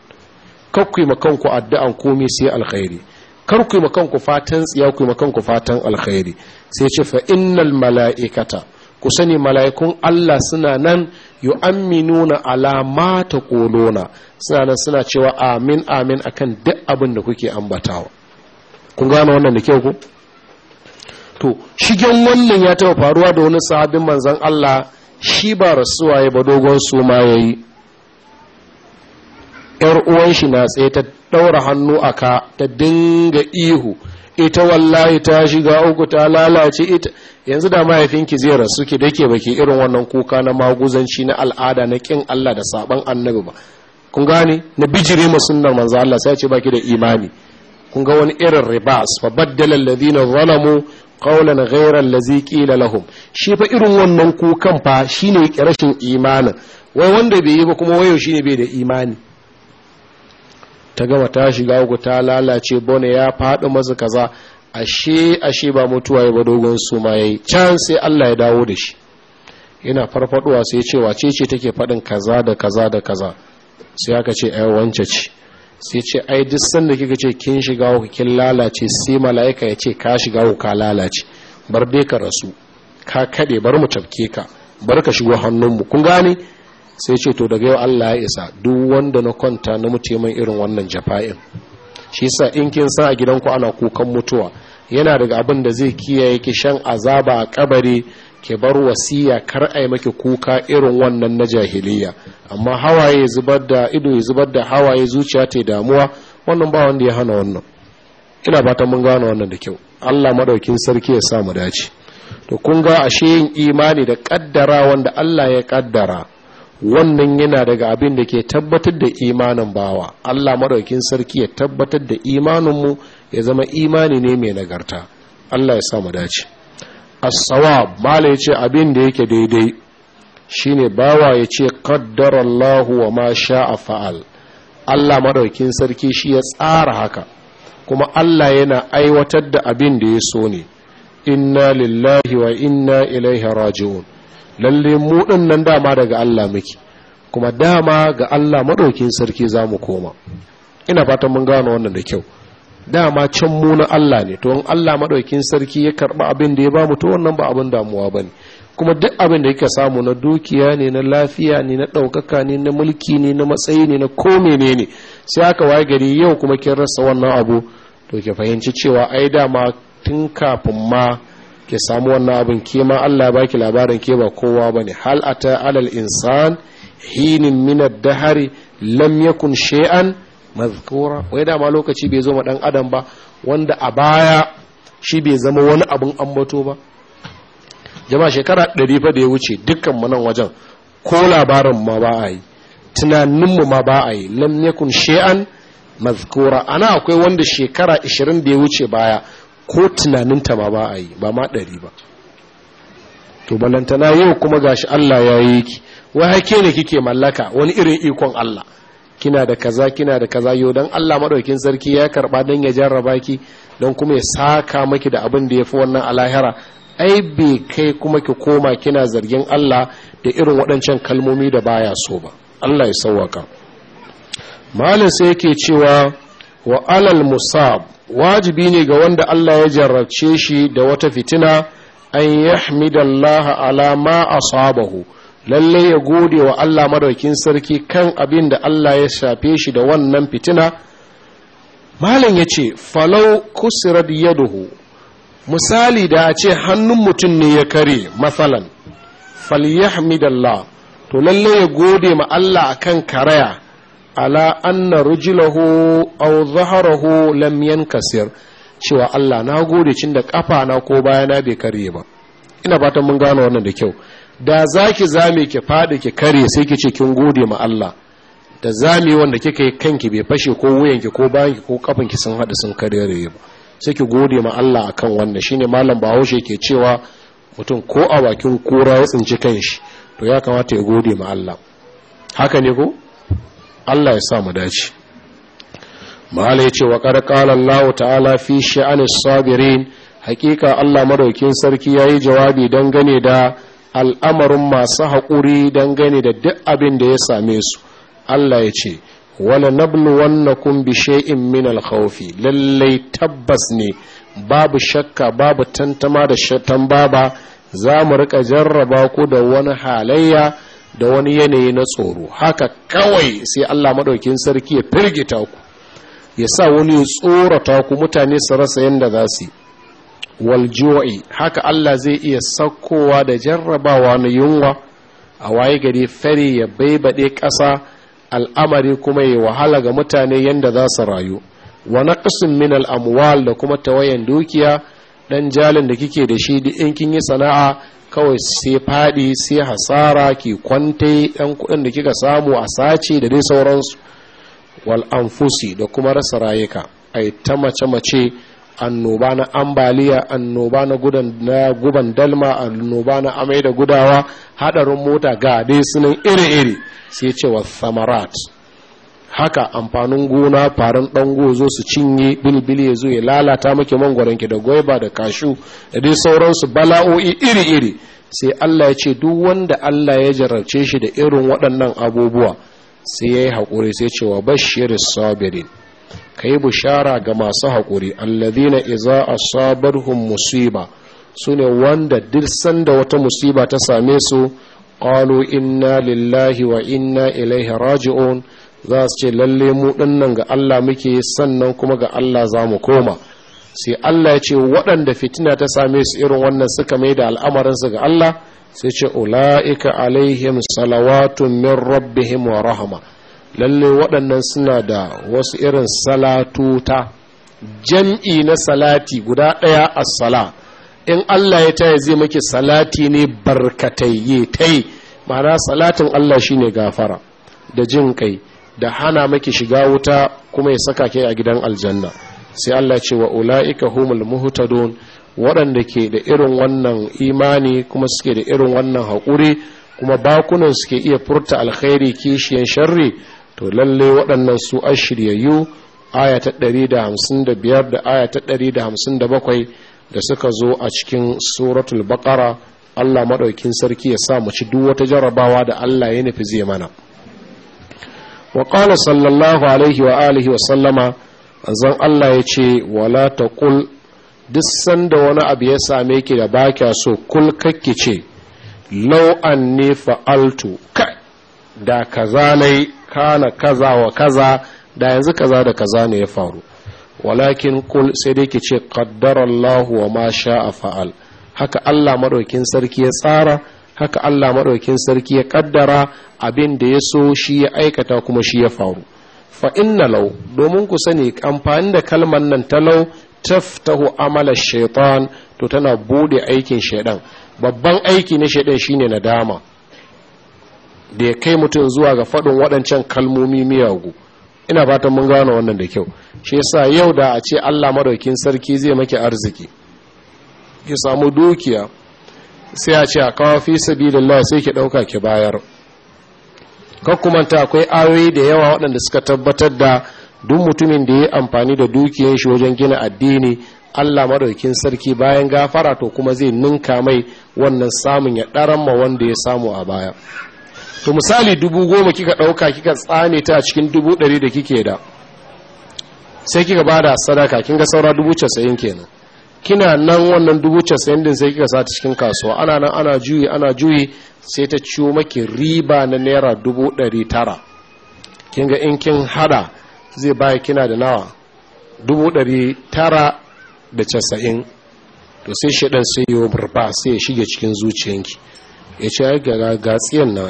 kar ku yi makanku addu'an komai sai alkhairi kar ku yi makanku fatan tsiya ku yi makanku fatan alkhairi sai ce fa innal mala'ikata ku sani mala'ikun Allah suna nan yu'amminuna ala ma kolona. suna nan suna cewa amin amin akan duk abin da kuke ambatawa kun gane wannan da kyau ku to shigen wannan ya taba faruwa da wani sahabin manzon Allah shi ba rasuwa ya ba dogon su ma yayi yar uwan shi na tsaye ta daura hannu aka ta dinga ihu ita wallahi ta shiga uku ta lalace ita yanzu da mahaifinki zai rasu ki dake baki irin wannan kuka na maguzanci na al'ada na kin Allah da saban annabi ba kun gane na bijire mu sunnar manzo Allah sai ce baki da imani kun ga wani irin ribas fa baddala alladhina zalamu qawlan ghayra allazi qila lahum shi fa irin wannan kukan fa shine rashin imanin wai wanda bai yi ba kuma wayo shine bai da imani ta gama ta shiga uku ta lalace bone ya faɗi masa kaza ashe ashe ba mutuwa ya ba dogon su ma yayi can sai Allah ya dawo da shi ina farfaduwa sai ce wace ce take faɗin kaza da kaza da kaza sai aka ce ai wance ce sai ce ai duk sanda kika ce kin shiga uku kin lalace sai mala'ika ya ce ka shiga uku ka lalace bar dai ka rasu ka kade bar mu tafke ka bar ka shigo hannunmu kun gane sai ce to daga yau Allah ya isa duk wanda na kwanta na mutu man irin wannan jafa'in shi sa in kin sa a gidanku ana kukan mutuwa yana daga abin da zai kiyaye ki shan azaba a kabari ki bar wasiya kar ai maki kuka irin wannan na jahiliya amma hawaye zubar da ido ya zubar da hawaye zuciya ta damuwa wannan ba wanda ya hana wannan ina fatan mun gane wannan da kyau Allah madaukin sarki ya sa mu dace to kun ga ashe yin imani da kaddara wanda Allah ya kaddara wannan yana daga abin da ke tabbatar da imanin bawa Allah maɗaukin sarki ya tabbatar da imaninmu ya zama imani ne mai nagarta Allah ya samu dace as-sawab mala yace abin da yake daidai shine bawa ya yace qaddarallahu wa ma sha'a fa'al Allah maɗaukin sarki shi ya tsara haka kuma Allah yana aiwatar da abin da ya so ne inna lillahi wa inna ilaihi raji'un lalle mu ɗin nan dama daga Allah muke kuma dama ga Allah maɗaukin sarki za mu koma ina fatan mun gano wannan da kyau dama can mu na Allah ne to in Allah maɗaukin sarki ya karɓa abin da ya ba mu to wannan ba abin damuwa ba ne kuma duk abin da yake samu na dukiya ne na lafiya ne na ɗaukaka ne na mulki ne na matsayi ne na ko ne sai aka waye gari yau kuma kin rasa wannan abu to ke fahimci cewa ai dama tun kafin ma ke samu wannan abin ke ma Allah baki labarin ke ba kowa bane hal ata alal insan hinin min da hari lam yakun shay'an mazkura wai da lokaci bai zo ma dan adam ba wanda a baya shi bai zama wani abin ambato ba jama'a shekara ɗari fa da ya wuce dukkan mu nan wajen ko labarin ma ba a yi tunaninmu ma ba a yi lam yakun shay'an mazkura ana akwai wanda shekara 20 da ya wuce baya ko tunaninta ma ba a yi ba ma ɗari ba to balantana yau kuma gashi Allah ya yi ki wai hake ne kike mallaka wani irin ikon Allah kina da kaza kina da kaza yau dan Allah madaukin sarki ya karba dan ya jarraba ki dan kuma ya saka maki da abin da ya fi wannan alahira ai bai kai kuma ki koma kina zargin Allah da irin waɗancan kalmomi da baya so ba Allah ya sauwaka malin sai yake cewa wa alal musab wajibi ne ga wanda Allah ya jarrace shi da wata fitina an yahmidallaha alama a sabahu lalle ya gode wa Allah madaukin sarki kan abin da Allah ya shafe shi da wannan fitina malam yace falau kusirat yaduhu misali da a ce hannun mutum ne ya kare matsalan falyahmidallah to lalle ya gode ma Allah akan karaya ala anna rujilahu aw zaharahu lam yankasir cewa Allah na gode cin da kafa na ko bayana bai kare ba ina fatan mun gane wannan da kyau da zaki zame ki fadi ki kare sai ki ce kin gode ma Allah da zame wanda kika yi kanki bai fashe ko wuyanki ko bayanki ko kafanki sun hada sun kare ba sai ki gode ma Allah akan wannan shine malam Bahaushe ke cewa mutum ko a bakin kura ya tsinci kanshi to ya kamata ya gode ma Allah haka ne ko Allah ya sa mu dace mahala yace wa qad qala Allah ta'ala fi sha'anis sabirin hakika Allah madaukin sarki yayi jawabi gane da al'amarin masu haƙuri gane da duk abin da ya same su Allah yace ce nablu wannakum bi shay'in min al-khawfi lallai tabbas ne babu shakka babu tantama da shatan baba za mu rika jarraba ku da wani halayya da wani yanayi na tsoro haka kawai sai Allah maɗaukin sarki ya firgita ku ya sa wani ya tsorata ku mutane su rasa yadda za su wal haka Allah zai iya sakkowa da jarrabawa na yunwa a waye gari fari ya baibade ƙasa al'amari kuma ya wahala ga mutane yadda za su rayu wa naqsin min al amwal da kuma tawayan dukiya dan jalin da kike da shi in kin yi sana'a kawai sai faɗi sai hasara ke kwante ɗan kuɗin da kika samu a sace da dai sauransu wal anfusi da kuma rasa rayuka ai ta mace-mace annoba na ambaliya annoba na gudan na guban dalma annoba na amai da gudawa hadarin mota ga dai sunan iri-iri sai ce wa samarat haka amfanin gona farin dango zo su cinye bilbili ya zo ya lalata maki ki da gwaiba da kashu da dai sauransu bala'o'i iri-iri sai Allah ya ce duk wanda Allah ya jarrace shi da irin waɗannan abubuwa sai ya yi haƙuri sai cewa bashir sabirin ka yi bishara ga masu haƙuri allazina iza asabarhum musiba sune wanda duk sanda wata musiba ta same su qalu inna lillahi wa inna ilaihi raji'un za su ce lalle mu dinnan ga Allah muke sannan kuma ga Allah za mu koma sai Allah ya ce waɗanda fitina ta same su irin wannan suka mai da al'amarinsu ga Allah sai ce ula'ika alaihim salawatun min rabbihim wa rahama lalle waɗannan suna da wasu irin salatuta jam'i na salati guda ɗaya a sala in Allah ya taya zai maki salati ne barkatayye tai ma'ana salatin Allah shine gafara da jin kai da hana maki shiga wuta kuma ya saka ke a gidan aljanna sai Allah ce wa ula'ika humul muhtadun waɗanda ke da irin wannan imani kuma suke da irin wannan haƙuri kuma bakunan suke iya furta alkhairi kishiyan sharri to lalle waɗannan su ashiryayyu aya ta 155 da aya ta 157 da suka zo a cikin suratul baqara Allah maɗaukin sarki ya sa mu ci duk wata jarabawa da Allah ya nufi zai mana wa qala sallallahu alaihi wa alihi wa sallama zan Allah ya ce wala taqul duk sanda wani abu ya same ki da kya so kul kakki ce lau'an ne fa'altu ka da kaza nai kana kaza wa kaza da yanzu kaza da kaza ne ya faru walakin kul sai dai ki ce qaddarallahu wa ma a fa'al haka Allah maɗaukin sarki ya tsara haka Allah maɗaukin sarki ya ƙaddara abin da ya so shi ya aikata kuma shi ya faru fa inna lau domin ku sani amfani da kalmar nan ta talau taftahu amala shaitan to tana bude aikin shaidan babban aiki na shaidan shine nadama da ya kai mutum zuwa ga faɗin waɗancan kalmomi miyagu ina fatan mun gano wannan da kyau shi yasa yau da a ce Allah maɗaukin sarki zai maki arziki ya samu dukiya sai a ce a kawo fi sabilillah sai ki ɗauka ki bayar kuma ta akwai ayoyi da yawa waɗanda suka tabbatar da duk mutumin da ya amfani da dukiyar shi wajen gina addini Allah maɗaukin sarki bayan gafara to kuma zai ninka mai wannan samun ya ɗaran ma wanda ya samu a baya to misali dubu goma kika ɗauka kika tsame ta a cikin dubu ɗari da kike da sai kika ba da sadaka kin ga saura dubu casa'in kenan kina nan wannan dubu casa'in din sai kika sa ta cikin kasuwa ana nan ana juyi ana juyi sai ta ciwo maki riba na naira dubu ɗari tara kin ga in kin hada zai baya kina da nawa dubu ɗari tara da casa'in to sai shaɗan sai yi burba sai ya shige cikin zuciyanki ya ce ya ga gatsiyan na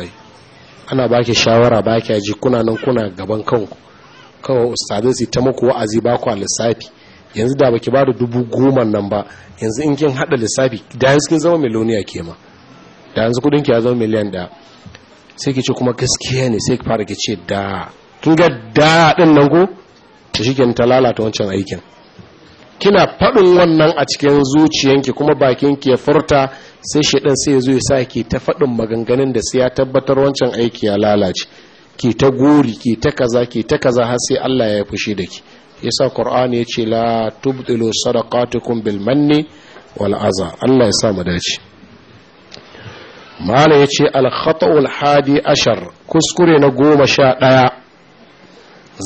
ana baki shawara baki ji kuna nan kuna gaban kanku kawai ustazin su ta muku wa'azi ba ku a lissafi yanzu da baki ba da dubu goma nan ba yanzu in kin hada lissafi da yanzu kin zama miliyoniya ke ma da yanzu kudin ki ya zama miliyan da sai ki ce kuma gaskiya ne sai ki fara ki ce da kin ga da din nan ko to shikenan ta lalata wancan aikin kina faɗin wannan a cikin zuciyanki kuma bakin ki ya furta sai shedan sai ya zo ya sa ki ta faɗin maganganun da sai ya tabbatar wancan aiki ya lalace ki ta gori ki ta kaza ki ta kaza har sai Allah ya fushi da ki yasa qur'ani yace la tubdilu sadaqatukum bil manni wal aza Allah ya sa mu dace mala yace al khata'ul hadi ashar kuskure na goma sha ɗaya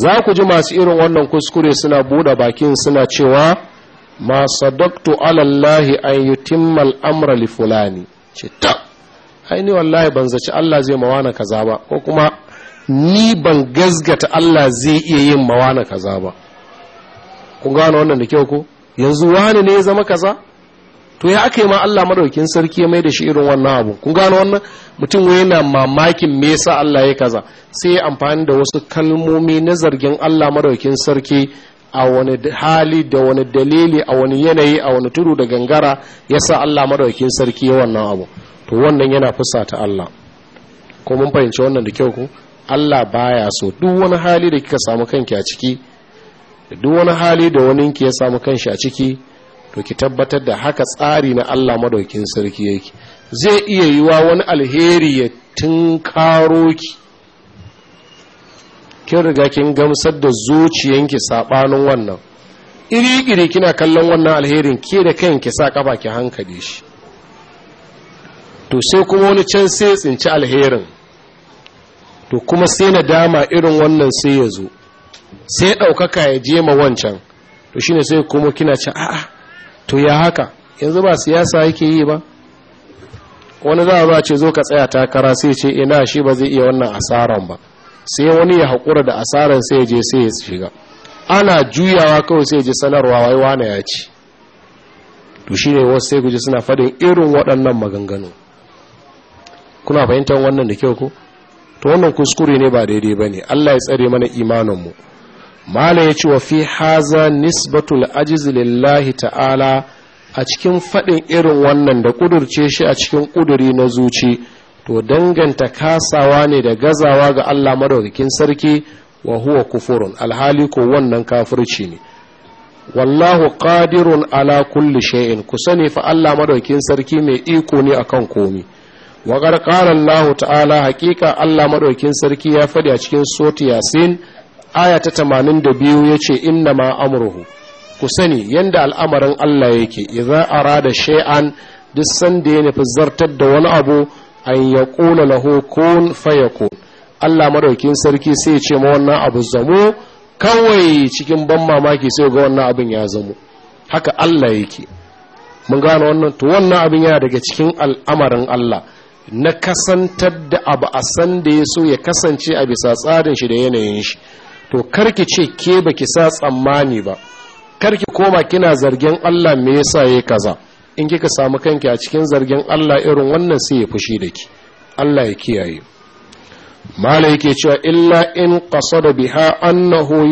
za ku ji masu irin wannan kuskure suna buɗe bakin suna cewa ma sadaqtu ala Allah an yutimma al amra li fulani ce ta aini wallahi ban zaci Allah zai mawana kaza ba ko kuma ni ban gazgata Allah zai iya yin mawana kaza ba kun gano wannan da kyau ko yanzu wani ne ya zama kaza to ya aka yi ma Allah madaukin sarki ya mai da shi irin wannan abu kun gano wannan mutum wai yana mamakin me yasa Allah ya kaza sai ya amfani da wasu kalmomi na zargin Allah madaukin sarki a wani hali da wani dalili a wani yanayi a wani tudu da gangara yasa Allah madaukin sarki ya wannan abu to wannan yana ta Allah ko mun fahimci wannan da kyau ko Allah baya so duk wani hali da kika samu kanki a ciki duk wani hali da wani ya samu kanshi a ciki to ki tabbatar da haka tsari na Allah madaukin sarki yake zai iya yiwa wani alheri ya tunkaro ki kin riga kin gamsar da zuciyanki sabanin wannan iri-iri kina kallon wannan alherin ke da ki sa kafa ki hankali shi to sai kuma wani can sai tsinci alherin to kuma sai na dama irin wannan sai ya zo sai ɗaukaka ya je ma wancan to shine sai kuma kina ce a'a to ya haka yanzu ba siyasa yake yi ba wani za a ce zo ka tsaya takara sai ce ina eh, shi ba zai iya wannan asaran ba sai wani ya haƙura da asaran sai je sai ya shiga ana juyawa kawai sai ya je sanarwa wai wane ya ci to shine wasu sai guji suna faɗin irin waɗannan maganganu kuna fahimtar wannan da kyau ko to wannan kuskure ne ba daidai ba ne allah ya tsare mana imaninmu mala ya ce wa fi haza nisbatul ajiz lillahi ta'ala a cikin faɗin irin wannan da ƙudurce shi a cikin ƙuduri na zuci to danganta kasawa ne da gazawa ga Allah madaukakin sarki wa huwa kufurun alhali ko wannan kafirci ne wallahu ƙadirun ala kulli shay'in ku sani fa Allah madaukakin sarki mai iko ne akan komi wa ta'ala haqiqa Allah madaukakin sarki ya faɗi a cikin sura aya ta tamanin 82 ce inna ma amruhu ku sani yadda al'amarin Allah yake ra da shay'an duk sanda ya nufi zartar da wani abu an laho lahu kun ko Allah maraukin sarki sai ya ce ma wannan abu zamo kawai cikin ban mamaki sai ga wannan abin ya zamo haka Allah yake mun gano wannan to wannan abin yana daga cikin al'amarin Allah na kasantar da abu a sanda ya so ya kasance a bisa tsarin shi da yanayin shi to karki ce ke baki sa tsammani ba karki koma kina zargin Allah me yasa yayi kaza in kika samu kanki a cikin zargin Allah irin wannan sai ya fushi da ki Allah ya kiyaye mala yake cewa illa in kasa da biha annahu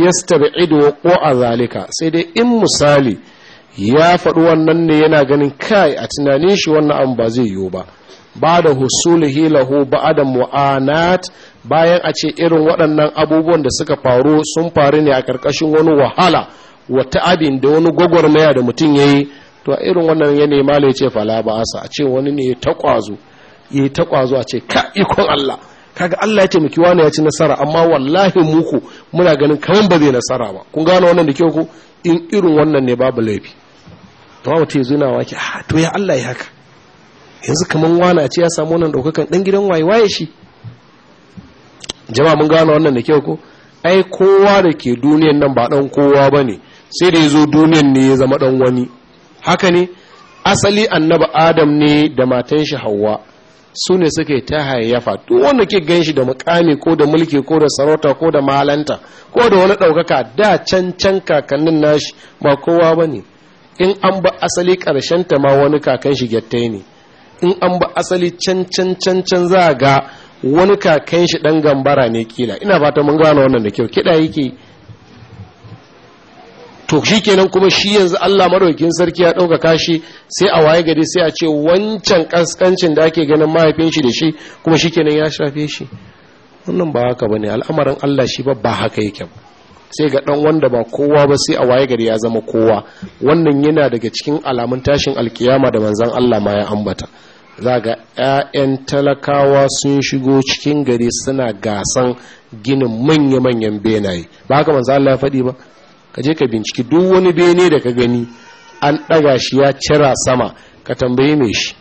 ido a zalika sai dai in misali ya faɗi wannan ne yana ganin kai a tunanin shi wannan an ba zai yiwu ba ba da husulihi lahu adam mu'anat bayan a ce irin waɗannan abubuwan da suka faru sun faru ne a ƙarƙashin wani wahala wa abin da wani gwagwarmaya da mutum ya yi to a irin wannan ya nema ya ce fala ba asa a ce wani ne ya takwazo ya yi a ce ka ikon Allah kaga Allah ya ce taimaki wani ya ci nasara amma wallahi muku muna ganin kaman ba zai nasara ba kun gane wannan da kyau ku in irin wannan ne babu laifi to mutum ya zuna wake ah, to ya Allah ya haka yanzu kaman wani a ce ya samu wannan daukakan dan gidan waye waye shi jama'a mun gano wannan da kyau ko ai kowa da ke duniyan nan ba dan kowa bane sai da yazo duniyan ne ya zama dan wani haka ne asali annabi adam ne da matan shi hawa su ne suka ta hayayyafa duk wanda ke gan shi da mukami ko da mulki ko da sarauta ko da malanta ko da wani ɗaukaka da cancan can kakannin nashi ba kowa ba ne in an ba asali karshen ta ma wani kakan shi gyattai ne in an ba asali can can can can za ga wani kakan shi dan gambara ne kila ina fata mun gano wannan da kyau kiɗa yake to shi kuma shi yanzu Allah madaukin sarki ya ɗauka kashi sai a waye gari sai a ce wancan kaskancin da ake ganin mahaifin shi da shi kuma shi kenan ya shafe shi wannan ba haka bane al'amarin Allah shi ba haka yake ba sai ga dan wanda ba kowa ba sai a waye gari ya zama kowa wannan yana daga cikin alamun tashin alkiyama da manzon Allah ma ya ambata za ga 'ya'yan talakawa sun shigo cikin gari suna gasan ginin manya-manyan benaye ba haka manzo Allah ya faɗi ba ka je ka binciki duk wani bene da ka gani an ɗaga shi ya cira sama ka tambaye mai shi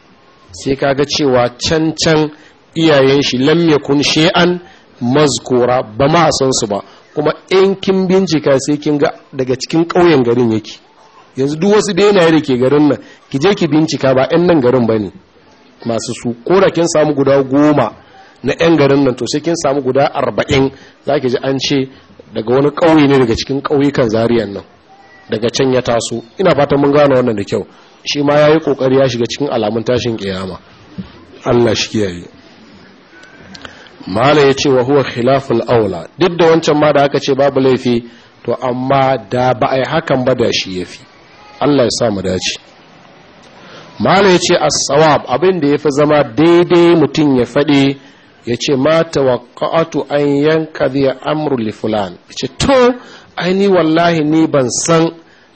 sai ka ga cewa can can iyayen shi lam yakun an mazkura ba ma san su ba kuma in kin bincika sai kin ga daga cikin ƙauyen garin yake yanzu duk wasu benaye da ke garin nan ki je ki bincika ba 'yan nan garin ba ne masu su ko kin samu guda goma na 'yan garin nan to sai kin samu guda arba'in za ki ji an ce daga wani ƙauye ne daga cikin ƙauyukan zariyan nan daga can ya taso ina fatan mun gane wannan da kyau shi ma ya yi ƙoƙari ya shiga cikin alamun tashin ƙiyama allah shi kiyaye mala ya ce wa huwa khilaful aula duk da wancan ma da aka ce babu laifi to amma da ba a yi hakan ba da shi ya fi allah ya sa mu dace mala ya ce as abin da ya fi zama daidai mutum ya faɗi ya ce ma tawaqqa'atu an yanka zai amru li fulan ya ce to aini wallahi ni ban san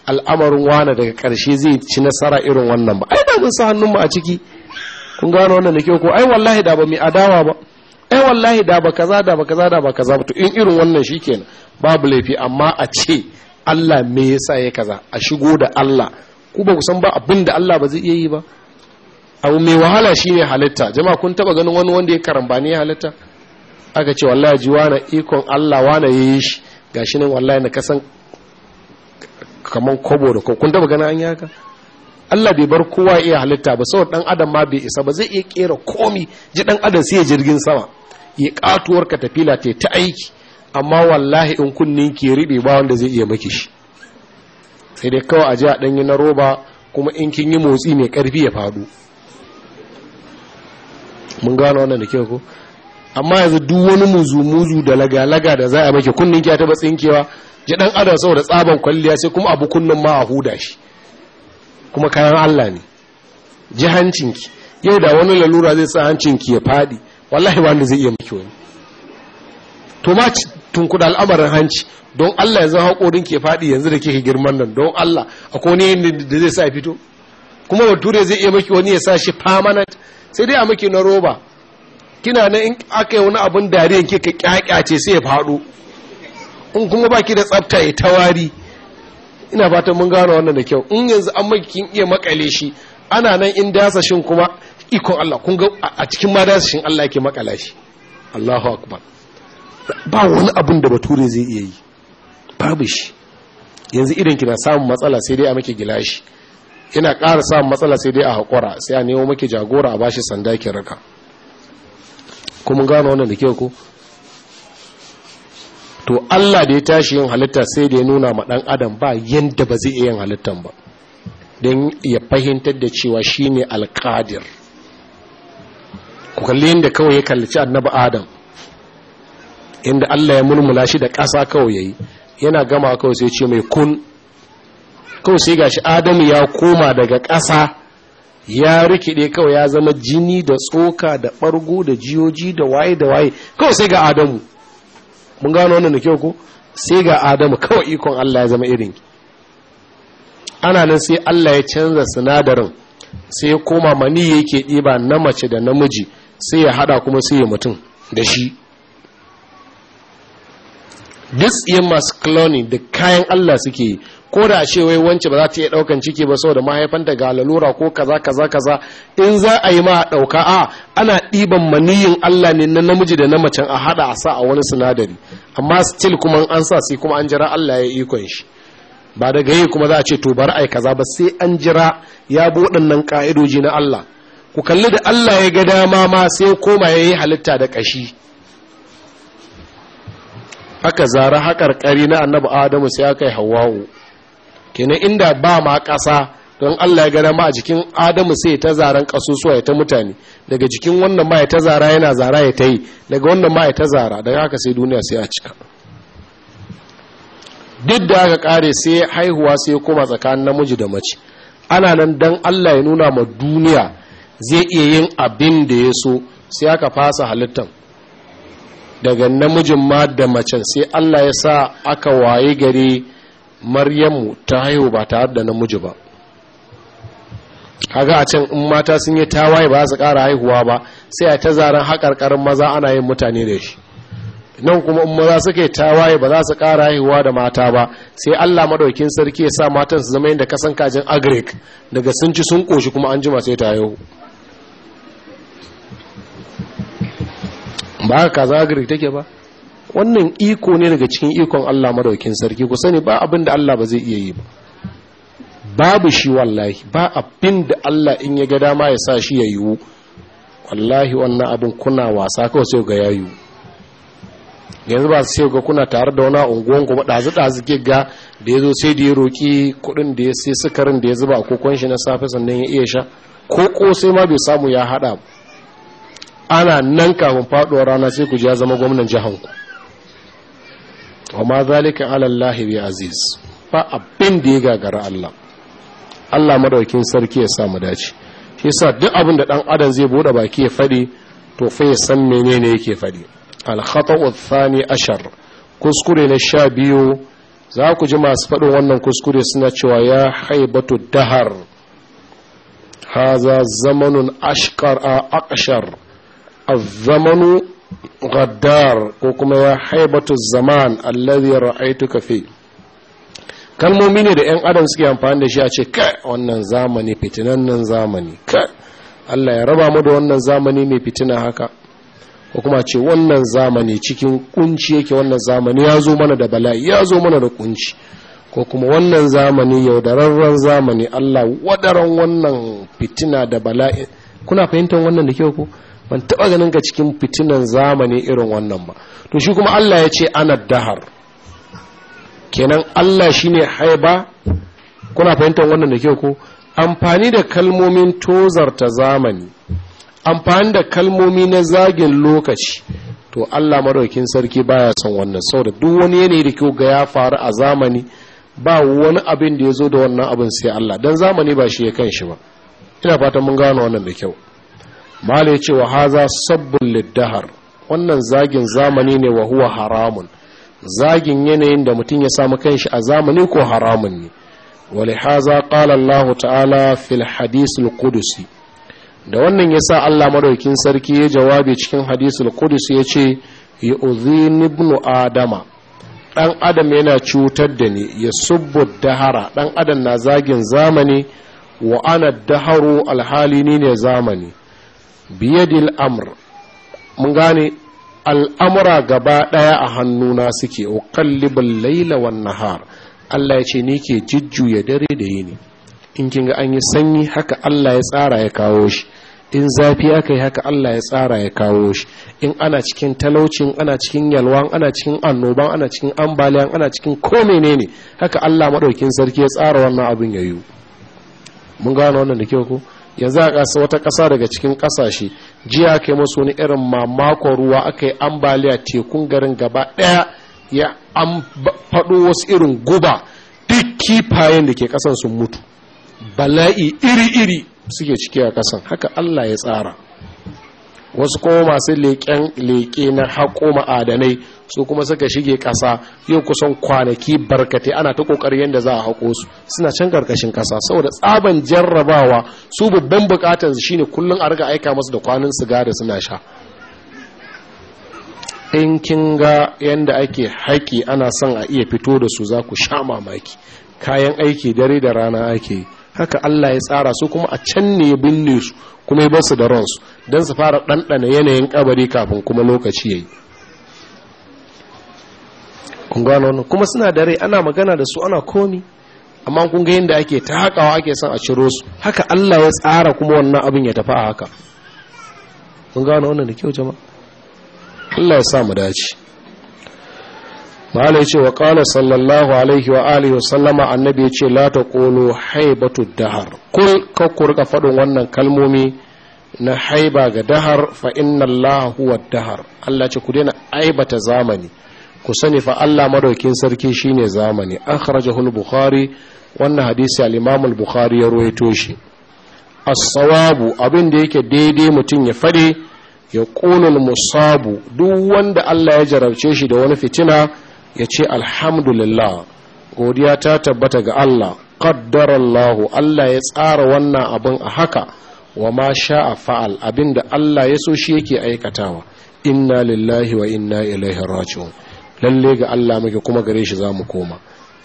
al'amarin wane daga ƙarshe zai ci nasara irin wannan ba ai ba mun sa hannunmu a ciki kun gano wannan da kyau ko ai wallahi da ba mai adawa ba ai wallahi da ba kaza da ba kaza da ba kaza to in irin wannan shi shikenan babu laifi amma a ce Allah me yasa ya kaza a shigo da Allah ku ba ku san ba abin da Allah ba zai iya yi ba abu mai wahala shine halitta jama'a kun taba ganin wani wanda ya karambani ya halitta aka ce wallahi ji wani ikon Allah wani ya yi shi gashi nan wallahi na kasan kaman kobo da kun taba ganin an yi haka Allah bai bar kowa iya halitta ba saboda dan adam ma bai isa ba zai iya kera komi ji dan adam sai ya jirgin sama ya katuwar ka tafila ta ta aiki amma wallahi in kunnin ki ribe ba wanda zai iya maki shi sai dai kawai a ji a ɗanyi na roba kuma in kin yi motsi mai ƙarfi ya faɗo mun gano wannan da kyau ko amma yanzu duk wani muzu-muzu da laga-laga da za a make kunnin ki ya taɓa tsinkewa ya ɗan adam saboda tsaban kwalliya sai kuma abu kunnin ma a huda shi kuma kayan allah ne ji hancinki yau da wani lalura zai sa hancinki ya faɗi wallahi wanda zai iya maki wani to ma tunkuda al'amarin hanci don Allah yanzu haƙorin ke faɗi yanzu da kike girman nan don Allah akwai wani da zai sa fito kuma bature zai iya maki wani ya sa shi permanent sai dai a maki na roba kina nan in aka yi wani abin dariyan kika kyakyace sai ya faɗo in kuma baki da tsafta ya tawari ina fata mun gano wannan da kyau in yanzu an maki kin iya makale shi ana nan in dasashin kuma ikon Allah kun ga a cikin ma dasashin Allah yake makala shi Allahu akbar ba wani abin da bature zai iya yi babu shi yanzu idan kina samun matsala sai dai a maki gilashi ina kara samun matsala sai dai a haƙura sai a nemo maki jagora a bashi sanda ki raka kuma gano wannan da ke ko to Allah da ya tashi yin halitta sai da ya nuna ma dan adam ba yadda ba zai iya yin halittan ba don ya fahimtar da cewa shi ne alƙadir ku kalli yadda kawai ya kallaci annabi adam inda Allah ya mulmula shi da ƙasa kawai yayi yana gama kawai sai ce mai kun kawai sai gashi Adamu ya koma daga ƙasa ya rikide kawai ya zama jini da tsoka da ɓargo da jiyoji da waye da waye kawai sai ga Adamu mun gano wannan da kyau ko sai ga Adamu kawai ikon Allah ya zama irin ana nan sai Allah ya canza sinadarin sai ya koma mani yake ɗiba na mace da namiji sai ya hada kuma sai ya mutum da shi duk tsiyan masu cloning da kayan Allah suke ko da ce wai wance ba za ta iya daukan ciki ba saboda mahaifanta ga lalura ko kaza kaza kaza in za a yi ma a dauka a ana ɗiban maniyin Allah ne na namiji da na macen a hada a sa a wani sinadari amma still kuma an sa sai kuma an jira Allah ya ikon shi ba daga yi kuma za a ce to bar ai kaza ba sai an jira ya bi waɗannan ka'idoji na Allah ku kalli da Allah ya ga dama ma sai koma ya yi halitta da ƙashi aka zara haƙarƙari na annabi adamu sai aka yi hawa'u kenan inda ba ma ƙasa don allah ya gana ma a jikin adamu sai ta zaren ƙasusuwa ya ta mutane daga jikin wannan ma ya ta zara yana zara ya ta yi daga wannan ma ya ta zara daga haka sai duniya sai a cika duk da aka ƙare sai haihuwa sai koma tsakanin namiji da mace ana nan don allah ya nuna ma duniya zai iya yin abin da ya so sai aka fasa halittan daga namijin ma da macen sai Allah ya sa aka waye gari maryamu ta haihu ba tare da namiji ba kaga a can in mata sun yi tawaye ba su ƙara haihuwa ba sai a ta zaren haƙarƙarin maza ana yin mutane da shi nan kuma in maza suke tawaye ba za su ƙara haihuwa da mata ba sai Allah madaukin sarki ya sa matan su zama da kasan kajin agric daga sun ci sun ƙoshi kuma an jima sai ta haihu ba ka zagiri take ba wannan iko ne daga cikin ikon Allah madaukin sarki ku sani ba abin da Allah ba zai iya yi ba babu shi wallahi ba abin da Allah in ya ga dama ya sa shi ya yiwu wallahi wannan abin kuna wasa kawai sai ga yayu yanzu ba sai ga kuna tare da wani unguwan kuma dazu dazu ke ga da yazo sai da ya roki kudin da ya sai sukarin da ya zuba ko kokon shi na safe sannan ya iya sha ko ko sai ma bai samu ya hada ba ana nan kafin faɗuwar rana sai ku ji ya zama gwamnan jihanku wa ma zalika ala bi aziz fa abin da ya gagara Allah Allah madaukin sarki ya sa mu dace shi yasa duk abin da dan adam zai bude baki ya fadi to fa ya san menene yake fadi al khata'u thani ashar kuskure na sha biyu za ku ji masu faɗin wannan kuskure suna cewa ya haibatu dahar haza zamanun ashkar a akshar الزمن zamanu gaddar ko kuma ya haibatu zaman allazi ra'aytuka fi kalmomi ne da yan adam suke amfani da shi a ce kai wannan zamani nan zamani kai Allah ya raba mu da wannan zamani mai fitina haka ko kuma ce wannan zamani cikin kunci yake wannan zamani ya zo mana da bala'i ya zo mana da kunci ko kuma wannan zamani yaudararren zamani Allah wadaran wannan fitina da bala'i kuna fahimtar wannan da kyau ko ban taɓa ganin ga cikin fitinan zamani irin wannan ba to shi kuma Allah ya ce ana dahar kenan Allah shi ne haiba kuna fahimtar wannan da kyau ko amfani da kalmomin tozarta zamani amfani da kalmomi na zagin lokaci to Allah madaukin sarki baya son wannan saboda duk wani yanayi da kyau ga ya faru a zamani ba wani abin da ya zo da wannan abin sai Allah don zamani ba shi ya kan shi ba ina fatan mun gano wannan da kyau mala ya ce wa haza sabbin liddahar wannan zagin zamani ne wa huwa haramun zagin yanayin da mutum ya samu kanshi a zamani ko haramun ne haza قال الله ta'ala fil hadisul kudusi da wannan ya sa Allah maraukin sarki ya jawabi cikin hadisul kudusi ya ce yu'zin adama ɗan adam yana cutar da ni ya subbu dahara ɗan adam na zagin zamani wa ana daharu alhali ni ne zamani biyadi al'amur mun gane al'amura gaba ɗaya a hannuna suke o kallibin laila wannan har Allah ya ce ni ke jujjuya dare da yini in kinga an yi sanyi haka Allah ya tsara ya kawo shi in zafi aka yi haka Allah ya tsara ya kawo shi in ana cikin talaucin ana cikin yalwan ana cikin annoban ana cikin ambaliyan ana cikin ko menene haka Allah maɗaukin sarki ya tsara wannan abin ya yiwu mun gano wannan da kyau ko yanzu a ƙasa wata ƙasa daga cikin ƙasashe jiya aka yi masu wani irin mamakon ruwa aka yi ambaliya tekun garin gaba ɗaya ya an faɗo wasu irin guba duk kifayen da ke ƙasan sun mutu bala'i iri-iri suke ciki a ƙasan haka allah ya tsara wasu kuma masu leƙen leƙe na haƙo ma'adanai su kuma suka shige ƙasa yau kusan kwanaki barkatai ana ta ƙoƙari yadda za a haƙo su suna can ƙarƙashin ƙasa saboda tsaban jarrabawa su babban buƙatar su shine kullum a riga aika masu da kwanin da suna sha in kin ga yadda ake haƙi ana son a iya fito da su za ku sha mamaki kayan aiki dare da rana ake yi haka Allah ya tsara su kuma a can ne ya binne su kuma ya basu da ransu don su fara ɗanɗana yanayin kabari kafin kuma lokaci ya yi kuma suna da rai ana magana da su ana komi amma kun ga yadda ake ta haƙawa ake son a ciro su haka Allah ya tsara kuma wannan abin ya tafi a haka kun gano wannan da kyau jama'a Allah ya sa mu dace malai ce wa kala sallallahu alaihi wa alihi wa sallama annabi ya ce la ta haibatu dahar kul kakku rika faɗin wannan kalmomi na haiba ga dahar fa inna Allah huwa dahar Allah ce ku daina aibata zamani ku sani fa Allah madaukin sarki shine zamani akhrajahu bukhari wannan hadisi al-imam al-bukhari ya ruwaito shi as-sawabu abin da yake daidai mutum ya fade ya qulul musabu duk wanda Allah ya jarabce shi da wani fitina ya ce alhamdulillah godiya ta tabbata ga Allah qaddarallahu Allah ya tsara wannan abin a haka wa ma sha'a fa'al abinda Allah ya so shi yake aikatawa inna lillahi wa inna ilaihi raji'un lalle ga Allah muke kuma gare shi za mu koma